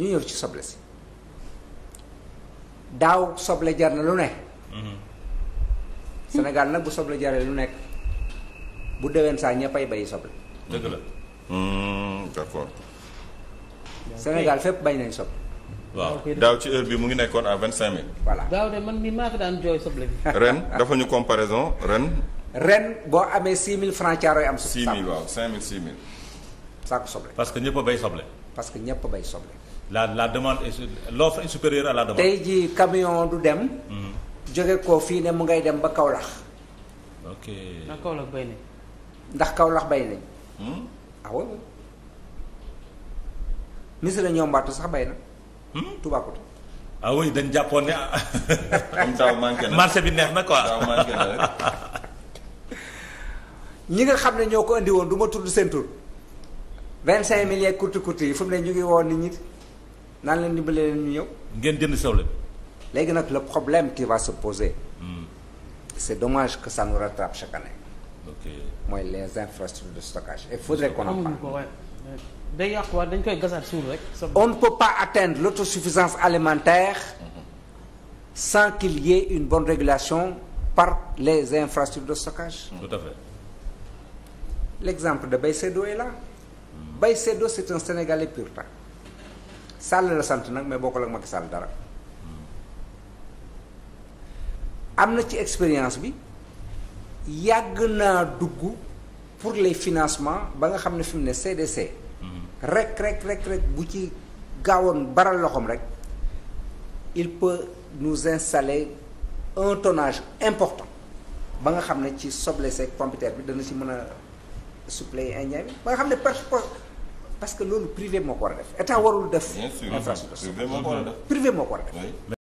ñu ñëw ci soble si daaw soble jar na lu ne mhm. Sénégal nag bu soble jar jaree lu nekk bu déwén saa ñëppay bay soble dëgg la hmm, d'accord Sénégal fépp bañ nañ soble waaw daaw ci heure bi mu ngi nekkoon à vingt cinq mille voilà daaw man maa fi daan jooy soble ren dafa ñu comparaison ren ren boo amee six mille francs caarooy am si mille waaw cinq mille six mille soble parce que ñëpp a bay soble parce que ñëpp a bay soble la la demande est l'offre est supérieure à la demande. tey jii camion du dem. Mm-hmm. jóge ko fii ne mu ngay dem ba Kaolack. ok ndax Kaolack bay lañ. ndax Kaolack bay lañ. ah oui. Missirah Mbattu sax bay na. Hmm? Toubacouta. ah oui dañ jàppoon ne comme bi neex na quoi. ñi nga xam ne ñoo ko indiwoon woon du ma tudd seen tur. vingt cinq mille yeeg kurti kurti yi fu mu ne ñu ngi woon nit ñi. naan leen dimbale leen ñu ñëw. ngeen léegi nag le problème qui va se poser. Mm. est dommage que ça nous rattrape chaque année. mooy les infrastructures de stockage il faudrait qu'on en parle. day yàq waat dañ koy gasaat suul rek. on ne peut pas atteindre l'autosuffisance alimentaire sans qu'il y ait une bonne régulation par les infrastructures de stockage. Hmm. tout à fait. l'exemple de Baïsédo est là. Hmm. Baïsédo c'est un Sénégalais pur-sang. Sall la sant nag mais bokkul ak Macky Sall dara am na ci expérience bi yàgg naa dugg pour les financement ba nga xam ne fi ne CDC. Mhm. rek rek rek rek bu ci gaawoon baral loxoom rek il peut nous installer un tonnage important ba nga xam ne ci soble seeg pompiteer bi dana ci mën a suppléer indien bi ba nga xam ne per parce que loolu privé moo ko war def état warul def. infrastructure privé moo ko war def.